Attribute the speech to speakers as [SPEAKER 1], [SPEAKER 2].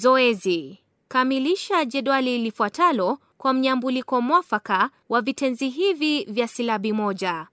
[SPEAKER 1] Zoezi: kamilisha jedwali lifuatalo kwa mnyambuliko mwafaka wa vitenzi hivi vya silabi moja.